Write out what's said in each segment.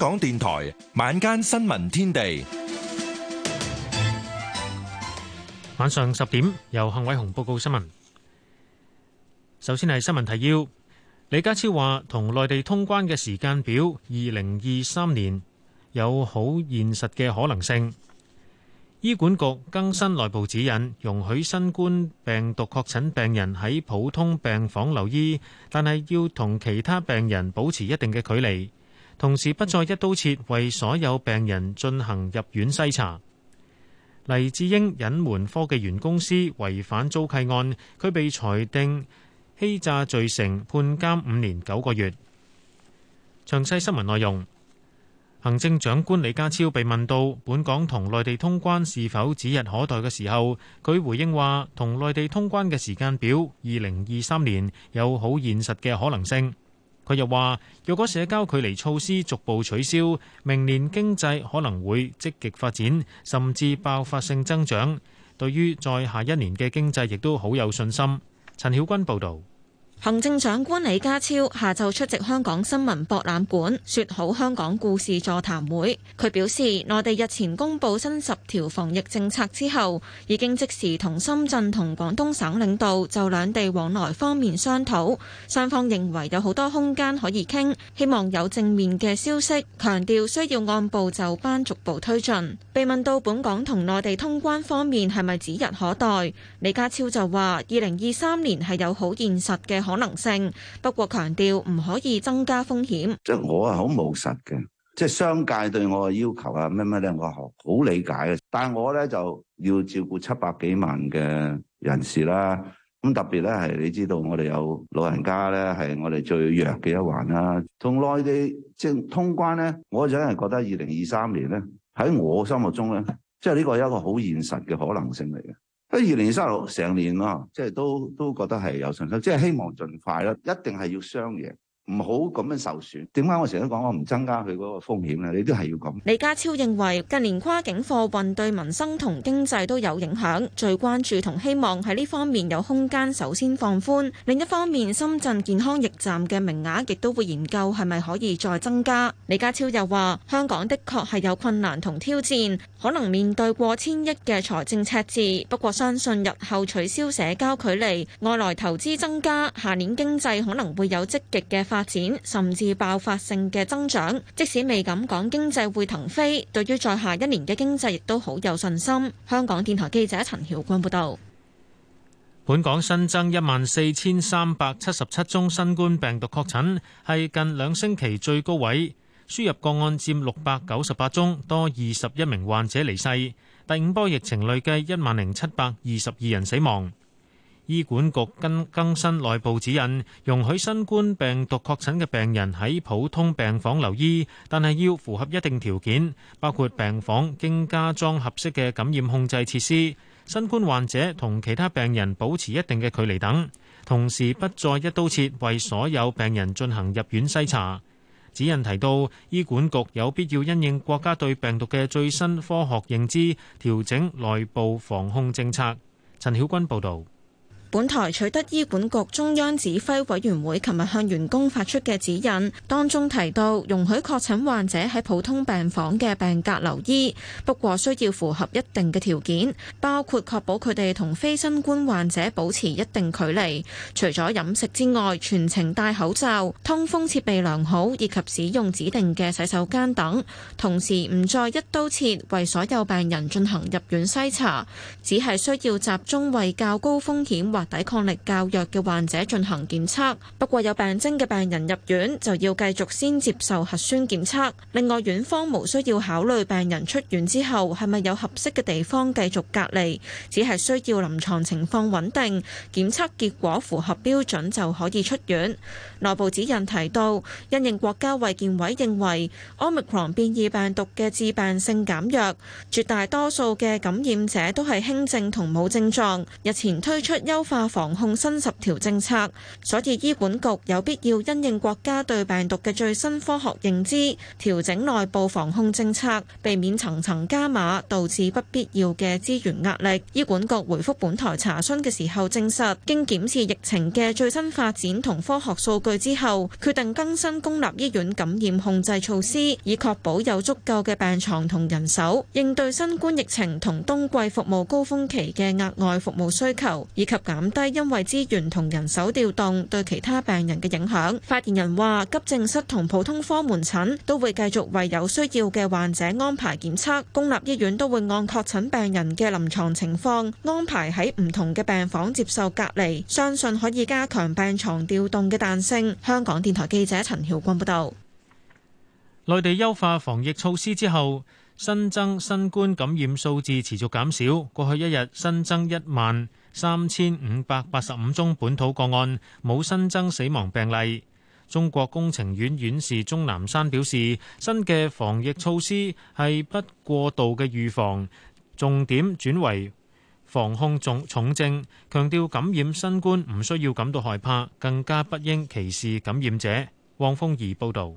港電台晚間新聞天地，晚上十點由幸偉雄報告新聞。首先係新聞提要：李家超話，同內地通關嘅時間表，二零二三年有好現實嘅可能性。醫管局更新內部指引，容許新冠病毒確診病人喺普通病房留醫，但係要同其他病人保持一定嘅距離。同時不再一刀切，為所有病人進行入院篩查。黎智英隱瞞科技園公司違反租契案，佢被裁定欺詐罪成，判監五年九個月。詳細新聞內容，行政長官李家超被問到本港同內地通關是否指日可待嘅時候，佢回應話：同內地通關嘅時間表，二零二三年有好現實嘅可能性。佢又話：若果社交距離措施逐步取消，明年經濟可能會積極發展，甚至爆發性增長。對於在下一年嘅經濟，亦都好有信心。陳曉君報導。行政長官李家超下晝出席香港新聞博覽館説好香港故事座談會，佢表示內地日前公布新十條防疫政策之後，已經即時同深圳同廣東省領導就兩地往來方面商討，雙方認為有好多空間可以傾，希望有正面嘅消息。強調需要按部就班逐步推進。被問到本港同內地通關方面係咪指日可待，李家超就話：二零二三年係有好現實嘅可能性，不過強調唔可以增加風險。即係我係好務實嘅，即係商界對我嘅要求啊，咩咩咧，我好理解嘅。但係我咧就要照顧七百幾萬嘅人士啦。咁特別咧係，你知道我哋有老人家咧係我哋最弱嘅一環啦。同內地即係通關咧，我真係覺得二零二三年咧，喺我心目中咧，即係呢個係一個好現實嘅可能性嚟嘅。一二零二三六成年咯，即係都都覺得係有信心，即係希望盡快啦，一定係要雙贏，唔好咁樣受損。點解我成日都講我唔增加佢嗰個風險呢？你都係要咁。李家超認為近年跨境貨運對民生同經濟都有影響，最關注同希望喺呢方面有空間首先放寬，另一方面深圳健康驛站嘅名額亦都會研究係咪可以再增加。李家超又話香港的確係有困難同挑戰。可能面對過千億嘅財政赤字，不過相信日後取消社交距離、外來投資增加，下年經濟可能會有積極嘅發展，甚至爆發性嘅增長。即使未敢講經濟會騰飛，對於在下一年嘅經濟亦都好有信心。香港電台記者陳曉君報道：「本港新增一萬四千三百七十七宗新冠病毒確診，係近兩星期最高位。輸入個案佔六百九十八宗，多二十一名患者離世。第五波疫情累計一萬零七百二十二人死亡。醫管局跟更新內部指引，容許新冠病毒確診嘅病人喺普通病房留醫，但係要符合一定條件，包括病房經加裝合適嘅感染控制設施，新冠患者同其他病人保持一定嘅距離等。同時，不再一刀切為所有病人進行入院篩查。指引提到，醫管局有必要因應國家對病毒嘅最新科學認知，調整內部防控政策。陳曉君報導。本台取得醫管局中央指揮委員會琴日向員工發出嘅指引，當中提到容許確診患者喺普通病房嘅病隔留醫，不過需要符合一定嘅條件，包括確保佢哋同非新冠患者保持一定距離，除咗飲食之外，全程戴口罩、通風設備良好以及使用指定嘅洗手間等。同時唔再一刀切為所有病人進行入院篩查，只係需要集中為較高風險抵抗力較弱嘅患者進行檢測，不過有病徵嘅病人入院就要繼續先接受核酸檢測。另外，院方無需要考慮病人出院之後係咪有合適嘅地方繼續隔離，只係需要臨牀情況穩定，檢測結果符合標準就可以出院。內部指引提到，因應國家衛健委認為，奧密克戎變異病毒嘅致病性減弱，絕大多數嘅感染者都係輕症同冇症狀。日前推出優化防控新十條政策，所以醫管局有必要因應國家對病毒嘅最新科學認知，調整內部防控政策，避免層層加碼，導致不必要嘅資源壓力。醫管局回覆本台查詢嘅時候證實，經檢視疫情嘅最新發展同科學數據之後，決定更新公立醫院感染控制措施，以確保有足夠嘅病牀同人手，應對新冠疫情同冬季服務高峰期嘅額外服務需求以及緊。減低因為資源同人手調動對其他病人嘅影響。發言人話，急症室同普通科門診都會繼續為有需要嘅患者安排檢測。公立醫院都會按確診病人嘅臨床情況安排喺唔同嘅病房接受隔離，相信可以加強病床調動嘅彈性。香港電台記者陳曉君報道。內地優化防疫措施之後，新增新冠感染數字持續減少，過去一日新增一萬三千五百八十五宗本土個案，冇新增死亡病例。中國工程院院士鍾南山表示，新嘅防疫措施係不過度嘅預防，重點轉為防控重重症，強調感染新冠唔需要感到害怕，更加不應歧視感染者。汪峰儀報道。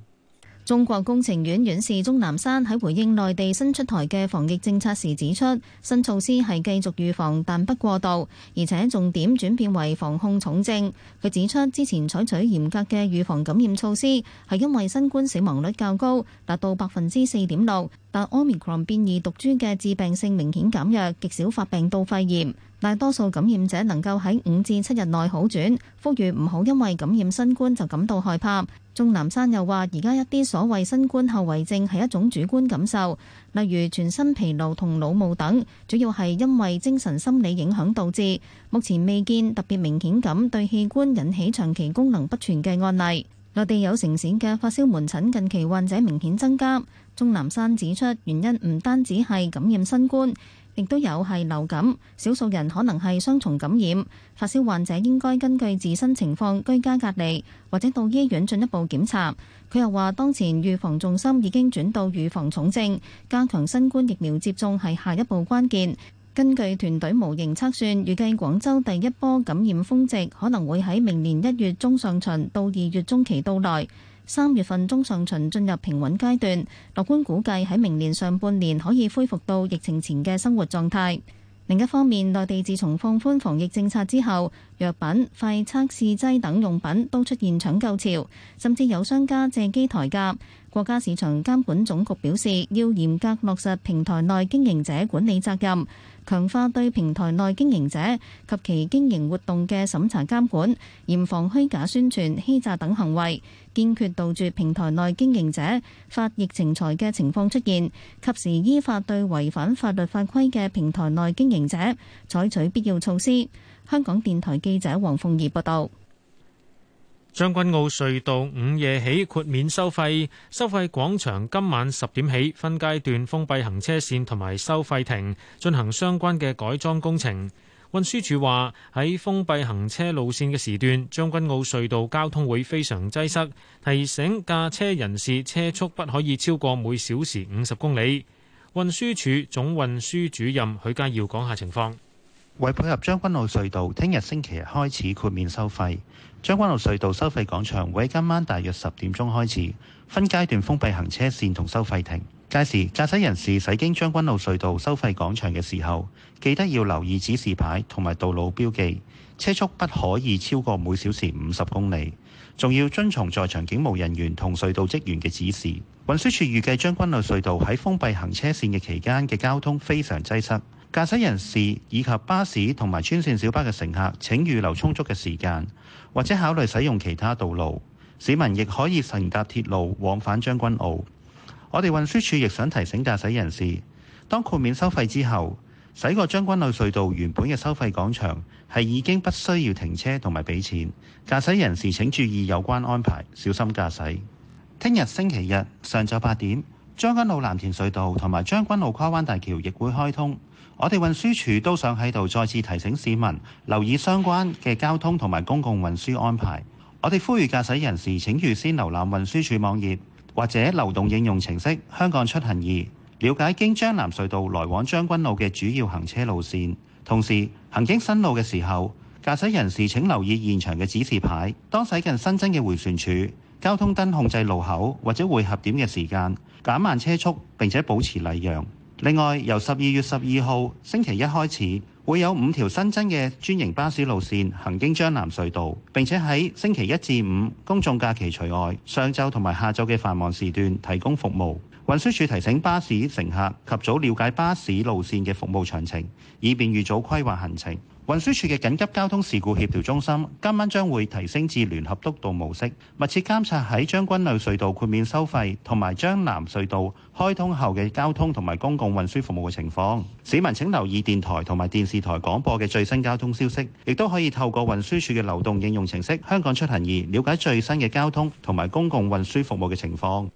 中國工程院院士鍾南山喺回應內地新出台嘅防疫政策時指出，新措施係繼續預防但不過度，而且重點轉變為防控重症。佢指出，之前採取嚴格嘅預防感染措施，係因為新冠死亡率較高，達到百分之四點六。但 Omicron 變異毒株嘅致病性明顯減弱，極少發病到肺炎，大多數感染者能夠喺五至七日內好轉。呼籲唔好因為感染新冠就感到害怕。鍾南山又話：而家一啲所謂新冠後遺症係一種主觀感受，例如全身疲勞同腦霧等，主要係因為精神心理影響導致。目前未見特別明顯咁對器官引起長期功能不全嘅案例。內地有城市嘅發燒門診近期患者明顯增加，鐘南山指出原因唔單止係感染新冠。亦都有係流感，少數人可能係雙重感染。發燒患者應該根據自身情況居家隔離，或者到醫院進一步檢查。佢又話，當前預防重心已經轉到預防重症，加強新冠疫苗接種係下一步關鍵。根據團隊模型測算，預計廣州第一波感染峰值可能會喺明年一月中上旬到二月中期到來。三月份中上旬進入平穩階段，樂觀估計喺明年上半年可以恢復到疫情前嘅生活狀態。另一方面，內地自從放寬防疫政策之後，藥品、快測試劑等用品都出現搶購潮，甚至有商家借機抬價。國家市場監管總局表示，要嚴格落實平台內經營者管理責任。強化對平台內經營者及其經營活動嘅審查監管，嚴防虛假宣傳、欺詐等行為，堅決杜絕平台內經營者發疫情財嘅情況出現，及時依法對違反法律法規嘅平台內經營者採取必要措施。香港電台記者黃鳳儀報道。將軍澳隧道，午夜起豁免收費，收費廣場今晚十點起分階段封閉行車線同埋收費亭，進行相關嘅改裝工程。運輸署話喺封閉行車路線嘅時段，將軍澳隧道交通會非常擠塞，提醒駕車人士車速不可以超過每小時五十公里。運輸署總運輸主任許佳耀講下情況。為配合將軍澳隧道，聽日星期日開始豁免收費。將軍澳隧道收費廣場會喺今晚大約十點鐘開始分階段封閉行車線同收費亭。屆時，駕駛人士駛經將軍澳隧道收費廣場嘅時候，記得要留意指示牌同埋道路標記，車速不可以超過每小時五十公里，仲要遵從在場警務人員同隧道職員嘅指示。運輸署預計將軍澳隧道喺封閉行車線嘅期間嘅交通非常擠塞。駕駛人士以及巴士同埋專線小巴嘅乘客，請預留充足嘅時間，或者考慮使用其他道路。市民亦可以乘搭鐵路往返將軍澳。我哋運輸處亦想提醒駕駛人士，當豁免收費之後，駛過將軍澳隧道原本嘅收費廣場，係已經不需要停車同埋俾錢，駕駛人士請注意有關安排，小心駕駛，聽日星期日上晝八點。將軍澳藍田隧道同埋將軍澳跨灣大橋亦會開通，我哋運輸署都想喺度再次提醒市民留意相關嘅交通同埋公共運輸安排。我哋呼籲駕駛人士請預先瀏覽運輸署網頁或者流動應用程式《香港出行易》，了解經將藍隧道來往將軍澳嘅主要行車路線。同時行經新路嘅時候，駕駛人士請留意現場嘅指示牌，當駛近新增嘅回旋處。交通燈控制路口或者匯合點嘅時間，減慢車速並且保持禮讓。另外，由十二月十二號星期一開始，會有五條新增嘅專營巴士路線行經將藍隧道，並且喺星期一至五（公眾假期除外）上晝同埋下晝嘅繁忙時段提供服務。運輸署提醒巴士乘客及早了解巴士路線嘅服務詳情，以便預早規劃行程。運輸署嘅緊急交通事故協調中心，今晚將會提升至聯合督導模式，密切監察喺將軍澳隧道豁免收費，同埋將南隧道開通後嘅交通同埋公共運輸服務嘅情況。市民請留意電台同埋電視台廣播嘅最新交通消息，亦都可以透過運輸署嘅流動應用程式，香港出行易了解最新嘅交通同埋公共運輸服務嘅情況。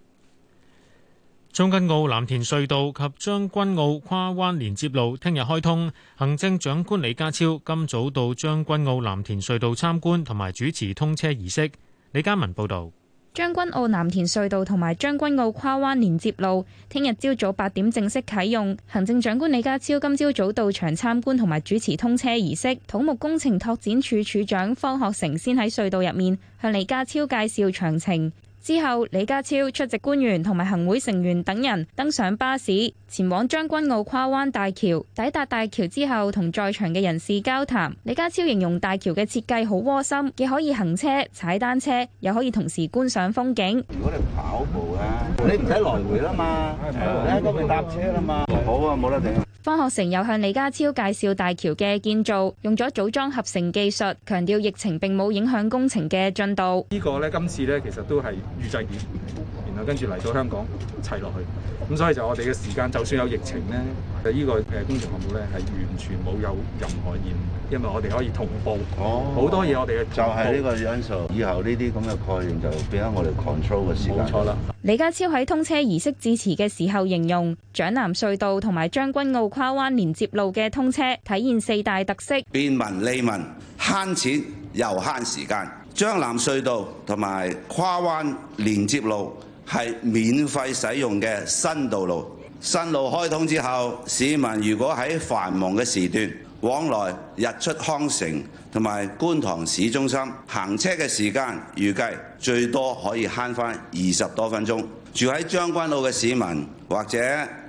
將軍澳藍田隧道及將軍澳跨灣連接路聽日開通，行通，行政長官李家超今早到將軍澳藍田隧道參觀同埋主持通車儀式。李家文報道：將軍澳藍田隧道同埋將軍澳跨灣連接路聽日朝早八點正式啟用，行政長官李家超今朝早到場參觀同埋主持通車儀式。土木工程拓展署署長方學誠先喺隧道入面向李家超介紹詳情。之後，李家超出席官員同埋行會成員等人登上巴士，前往將軍澳跨灣大橋。抵達大橋之後，同在場嘅人士交談。李家超形容大橋嘅設計好窩心，既可以行車、踩單車，又可以同時觀賞風景。如果你跑步啊，你唔使來回啦嘛，係咪？係咪？喺嗰邊搭車啦嘛，是好啊，冇得頂。方學成又向李家超介紹大橋嘅建造，用咗組裝合成技術，強調疫情並冇影響工程嘅進度。呢個呢，今次呢，其實都係預製件。跟住嚟到香港砌落去，咁所以就我哋嘅時間就算有疫情呢，呢、呢個誒工程項目呢，係完全冇有任何延誤，因為我哋可以同步哦好多嘢，我哋就係呢個因素。以後呢啲咁嘅概念就變咗我哋 control 嘅時間。冇錯啦。李家超喺通車儀式致辭嘅時候形容，將南隧道同埋將軍澳跨灣連接路嘅通車體現四大特色便民利民，慳錢又慳時間。將南隧，隧道同埋跨灣連接路，係免費使用嘅新道路，新路開通之後，市民如果喺繁忙嘅時段往來日出康城同埋觀塘市中心，行車嘅時間預計最多可以慳翻二十多分鐘。住喺將軍澳嘅市民，或者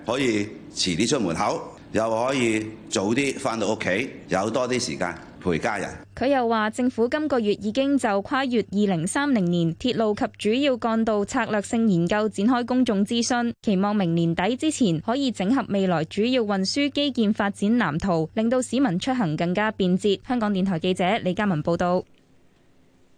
可以遲啲出門口，又可以早啲返到屋企，有多啲時間。陪家人。佢又話：政府今個月已經就跨越二零三零年鐵路及主要幹道策略性研究展開公眾諮詢，期望明年底之前可以整合未來主要運輸基建發展藍圖，令到市民出行更加便捷。香港電台記者李嘉文報道。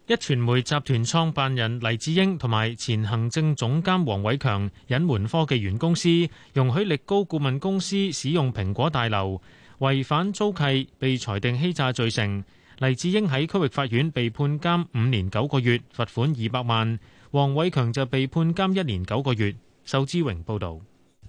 壹傳媒集團創辦人黎智英同埋前行政總監黃偉強隱瞞科技園公司容許力高顧問公司使用蘋果大樓，違反租契被裁定欺詐罪成，黎智英喺區域法院被判監五年九個月，罰款二百萬。黃偉強就被判監一年九個月。仇志榮報導。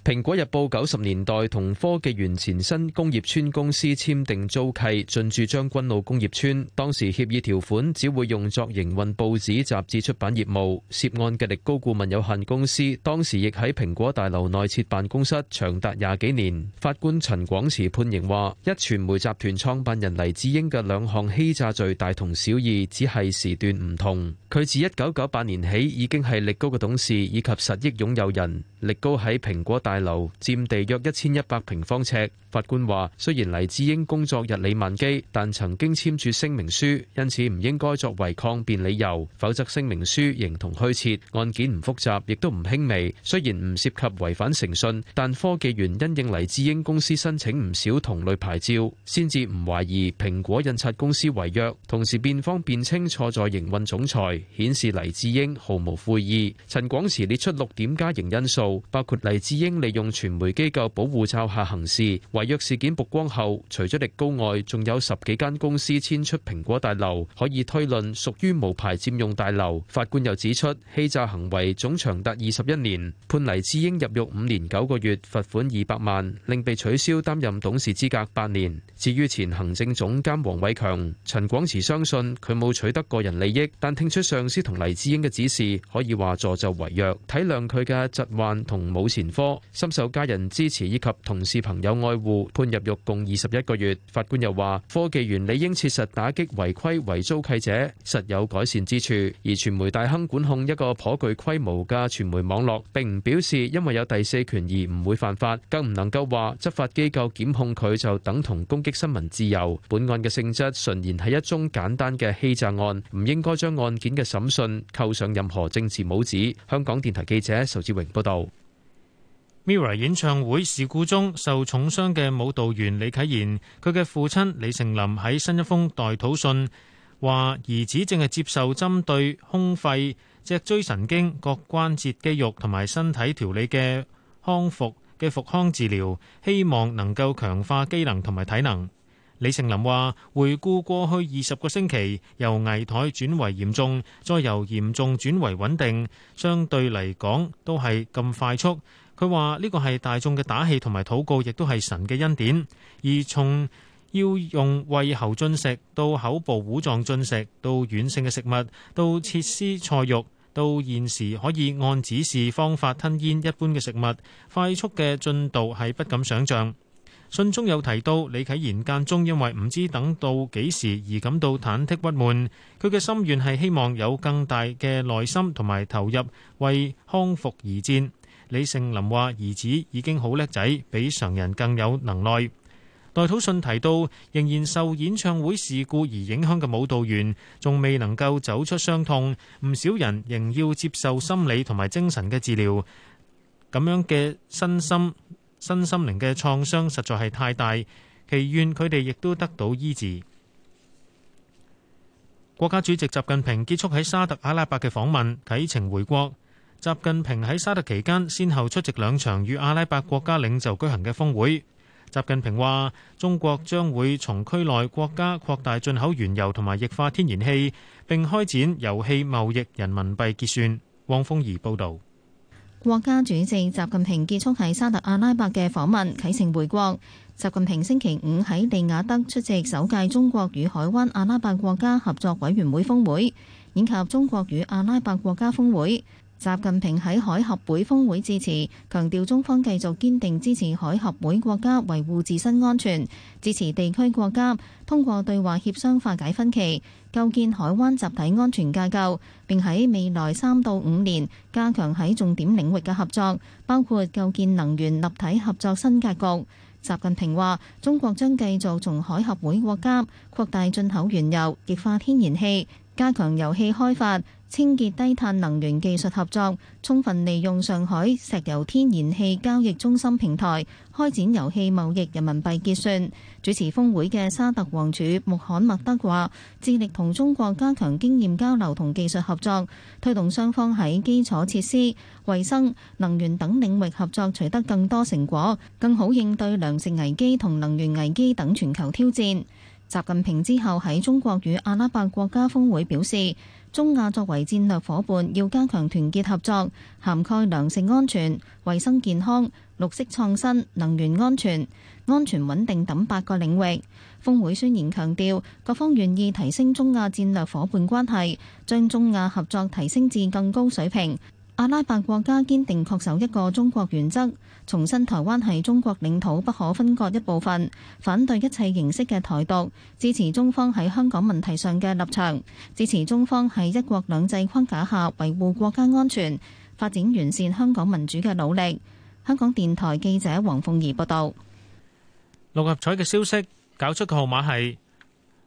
《蘋果日報》九十年代同科技園前身工業村公司簽訂租契，進駐將軍澳工業村。當時協議條款只會用作營運報紙雜誌出版業務。涉案嘅力高顧問有限公司當時亦喺蘋果大樓內設辦公室，長達廿幾年。法官陳廣慈判刑話：一傳媒集團創辦人黎智英嘅兩項欺詐罪大同小異，只係時段唔同。佢自一九九八年起已經係力高嘅董事以及實益擁有人。力高喺蘋果大大樓占地約一千一百平方尺。法官話：雖然黎智英工作日理萬機，但曾經簽署聲明書，因此唔應該作為抗辯理由。否則聲明書形同虛設。案件唔複雜，亦都唔輕微。雖然唔涉及違反誠信，但科技員因應黎智英公司申請唔少同類牌照，先至唔懷疑蘋果印刷公司違約。同時，辯方辯稱錯在營運總裁，顯示黎智英毫無悔意。陳廣池列出六點加刑因素，包括黎智英利用傳媒機構保護罩下行事。違約事件曝光後，除咗力高外，仲有十幾間公司遷出蘋果大樓，可以推論屬於無牌佔用大樓。法官又指出，欺詐行為總長達二十一年，判黎智英入獄五年九個月，罰款二百萬，另被取消擔任董事資格八年。至於前行政總監黃偉強、陳廣池，相信佢冇取得個人利益，但聽出上司同黎智英嘅指示，可以話助紂為虐。體諒佢嘅疾患同冇前科，深受家人支持以及同事朋友愛護。判入獄共二十一個月，法官又話科技園理應切實打擊違規遺租契者，實有改善之處。而傳媒大亨管控一個頗具規模嘅傳媒網絡，並唔表示因為有第四權而唔會犯法，更唔能夠話執法機構檢控佢就等同攻擊新聞自由。本案嘅性質純然係一宗簡單嘅欺詐案，唔應該將案件嘅審訊扣上任何政治帽子。香港電台記者仇志榮報道。MIRROR 演唱會事故中受重傷嘅舞蹈員李啟言，佢嘅父親李成林喺新一封代禱信話：兒子正係接受針對胸肺、脊椎神經、各關節肌肉同埋身體調理嘅康復嘅復康治療，希望能夠強化機能同埋體能。李成林話，回顧過去二十個星期，由危殆轉為嚴重，再由嚴重轉為穩定，相對嚟講都係咁快速。佢話呢個係大眾嘅打氣同埋禱告，亦都係神嘅恩典。而從要用胃喉進食，到口部糊狀進食，到軟性嘅食物，到切絲菜肉，到現時可以按指示方法吞嚥一般嘅食物，快速嘅進度係不敢想像。信中有提到李啟言間中因為唔知等到幾時而感到忐忑不滿，佢嘅心願係希望有更大嘅耐心同埋投入為康復而戰。李盛林話：兒子已經好叻仔，比常人更有能耐。代禱信提到，仍然受演唱會事故而影響嘅舞蹈員仲未能夠走出傷痛，唔少人仍要接受心理同埋精神嘅治療，咁樣嘅身心。新心靈嘅創傷實在係太大，祈願佢哋亦都得到醫治。國家主席習近平結束喺沙特阿拉伯嘅訪問，啟程回國。習近平喺沙特期間，先後出席兩場與阿拉伯國家領袖舉行嘅峰會。習近平話：中國將會從區內國家擴大進口原油同埋液化天然氣，並開展油氣貿易人民幣結算。汪峰儀報導。國家主席習近平結束喺沙特阿拉伯嘅訪問，啟程回國。習近平星期五喺利雅德出席首屆中國與海灣阿拉伯國家合作委員會峰會，以及中國與阿拉伯國家峰會。習近平喺海合會峰會致辭，強調中方繼續堅定支持海合會國家維護自身安全，支持地區國家通過對話協商化解分歧，構建海灣集體安全架構，並喺未來三到五年加強喺重點領域嘅合作，包括構建能源立體合作新格局。習近平話：中國將繼續從海合會國家擴大進口原油、液化天然氣。加強油氣開發、清潔低碳能源技術合作，充分利用上海石油天然氣交易中心平台，開展油氣貿易人民幣結算。主持峰會嘅沙特王儲穆罕默德話：致力同中國加強經驗交流同技術合作，推動雙方喺基礎設施、衞生、能源等領域合作取得更多成果，更好應對糧食危機同能源危機等全球挑戰。習近平之後喺中國與阿拉伯國家峰會表示，中亞作為戰略伙伴，要加強團結合作，涵蓋糧食安全、衞生健康、綠色創新、能源安全、安全穩定等八個領域。峰會宣言強調，各方願意提升中亞戰略伙伴關係，將中亞合作提升至更高水平。阿拉伯國家堅定恪守一個中國原則，重申台灣係中國領土不可分割一部分，反對一切形式嘅台獨，支持中方喺香港問題上嘅立場，支持中方喺一國兩制框架下維護國家安全、發展完善香港民主嘅努力。香港電台記者黃鳳儀報道。六合彩嘅消息，搞出個號碼係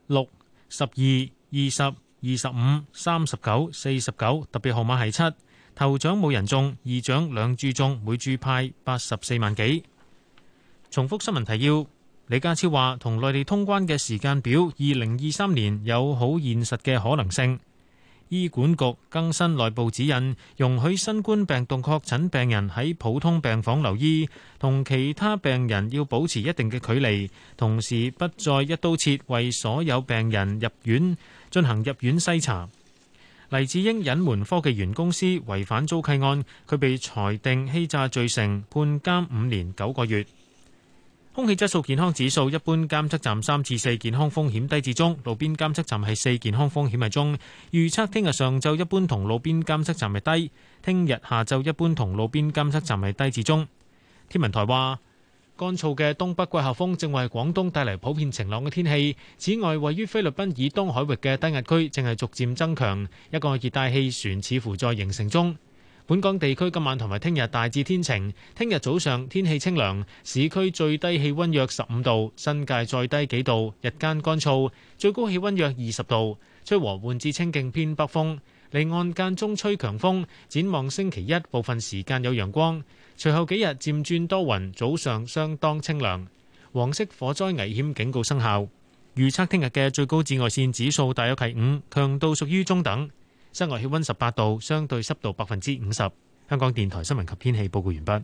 六、十二、二十、二十五、三十九、四十九，特別號碼係七。頭獎冇人中，二獎兩注中，每注派八十四萬幾。重複新聞提要，李家超話，同內地通關嘅時間表，二零二三年有好現實嘅可能性。醫管局更新內部指引，容許新冠病毒確診病人喺普通病房留醫，同其他病人要保持一定嘅距離，同時不再一刀切為所有病人入院進行入院篩查。黎智英隱瞞科技園公司違反租契案。佢被裁定欺詐罪成，判監五年九個月。空氣質素健康指數，一般監測站三至四，健康風險低至中；路邊監測站係四，健康風險係中。預測聽日上晝一般同路邊監測站係低，聽日下晝一般同路邊監測站係低至中。天文台話。乾燥嘅東北季候風正為廣東帶嚟普遍晴朗嘅天氣。此外，位於菲律賓以東海域嘅低壓區正係逐漸增強，一個熱帶氣旋似乎在形成中。本港地區今晚同埋聽日大致天晴，聽日早上天氣清涼，市區最低氣溫約十五度，新界再低幾度，日間乾燥，最高氣溫約二十度，吹和緩至清勁偏北風，離岸間中吹強風。展望星期一，部分時間有陽光。隨後幾日漸轉多雲，早上相當清涼。黃色火災危險警告生效。預測聽日嘅最高紫外線指數大約係五，強度屬於中等。室外氣温十八度，相對濕度百分之五十。香港電台新聞及天氣報告完畢。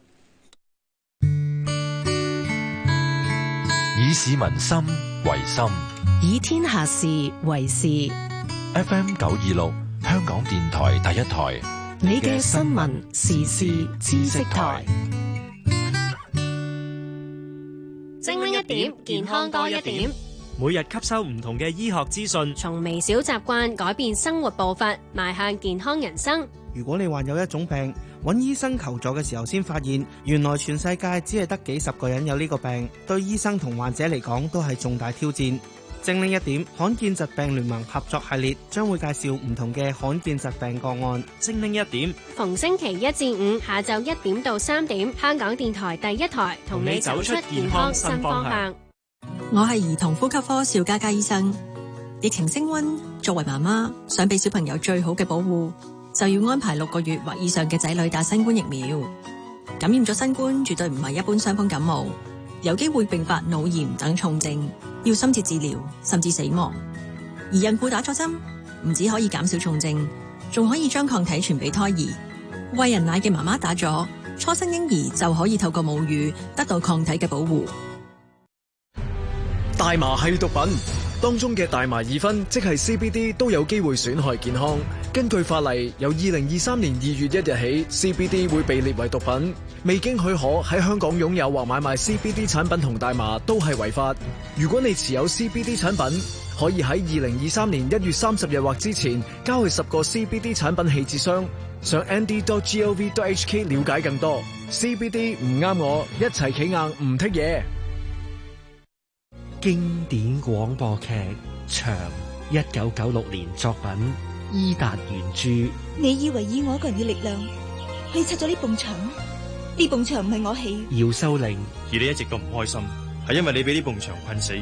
以市民心為心，以天下事為事。FM 九二六，香港電台第一台。你嘅新聞時事知識台，精靈一點，健康多一點。一點每日吸收唔同嘅醫學資訊，從微小習慣改變生活步伐，邁向健康人生。如果你患有一種病，揾醫生求助嘅時候，先發現原來全世界只係得幾十個人有呢個病，對醫生同患者嚟講都係重大挑戰。精靈一點，罕見疾病聯盟合作系列將會介紹唔同嘅罕見疾病個案。精靈一點，逢星期一至五下晝一點到三點，香港電台第一台同，同你，你走出健康新方向。我係兒童呼吸科邵家，家家醫生。疫情升温，作為媽媽想俾小朋友最好嘅保護，就要安排六個月或以上嘅仔女打新冠疫苗。感染咗新冠絕對唔係一般傷風感冒。有機會併發腦炎等重症，要深切治療，甚至死亡。而孕婦打咗針，唔止可以減少重症，仲可以將抗體傳俾胎兒。餵人奶嘅媽媽打咗，初生嬰兒就可以透過母乳得到抗體嘅保護。大麻係毒品，當中嘅大麻二酚即係 CBD 都有機會損害健康。根據法例，由二零二三年二月一日起，CBD 會被列為毒品。未經許可喺香港擁有或買賣 CBD 產品同大麻都係違法。如果你持有 CBD 產品，可以喺二零二三年一月三十日或之前交去十個 CBD 產品棄置箱，上 nd.gov.hk 了解更多。CBD 唔啱我，一齊企硬唔剔嘢。經典廣播劇，長一九九六年作品，伊達原著。你以為以我一個人嘅力量，可以拆咗呢埲牆？呢埲牆唔係我起，姚秀玲。而你一直都唔開心，係因為你俾呢埲牆困死，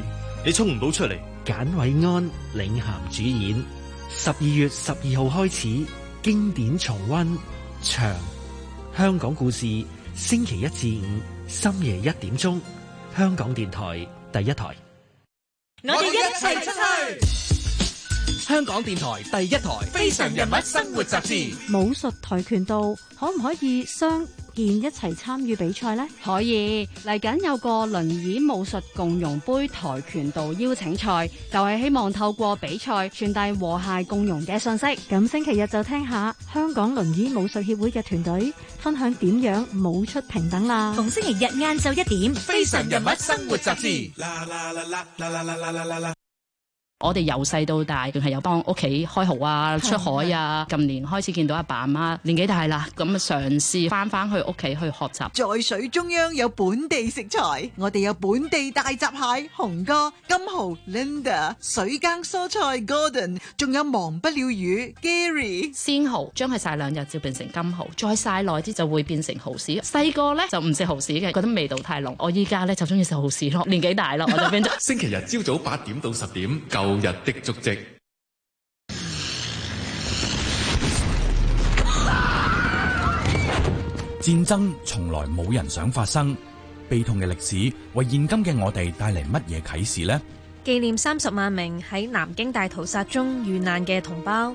你衝唔到出嚟。簡偉安領銜主演，十二月十二號開始經典重温《牆》，香港故事，星期一至五深夜一點鐘，香港電台第一台。我哋一齊出去。香港電台第一台，非常人物生活雜誌，武術跆拳道可唔可以相？見一齊參與比賽咧，可以嚟緊有個輪椅武術共融杯跆拳道邀請賽，就係希望透過比賽傳遞和諧共融嘅信息。咁星期日就聽下香港輪椅武術協會嘅團隊分享點樣舞出平等啦。逢星期日晏晝一點，《非常人物生活雜誌》。我哋由細到大，仲係有幫屋企開蠔啊、出海啊。近年開始見到阿爸阿媽年紀大啦，咁嘗試翻翻去屋企去學習。在水中央有本地食材，我哋有本地大閘蟹、紅哥、金蠔、Linda、水耕蔬菜、Gordon，仲有忘不了魚、Gary 鮮蠔。將佢曬兩日就變成金蠔，再曬耐啲就會變成蠔豉。細個咧就唔食蠔豉嘅，覺得味道太濃。我依家咧就中意食蠔豉咯，年紀大咯，我就變咗。星期日朝早八點到十點，九。舊日的足跡，戰爭從來冇人想發生。悲痛嘅歷史為現今嘅我哋帶嚟乜嘢啟示呢？紀念三十萬名喺南京大屠殺中遇難嘅同胞。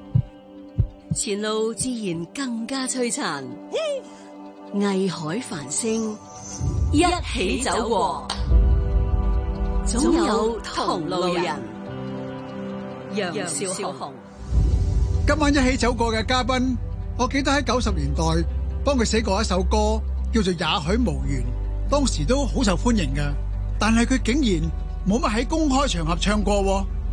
前路自然更加璀璨，藝 海繁星一起走過，總有同路人。楊少紅，今晚一起走過嘅嘉賓，我記得喺九十年代幫佢寫過一首歌，叫做《也許無緣》，當時都好受歡迎嘅，但係佢竟然冇乜喺公開場合唱過。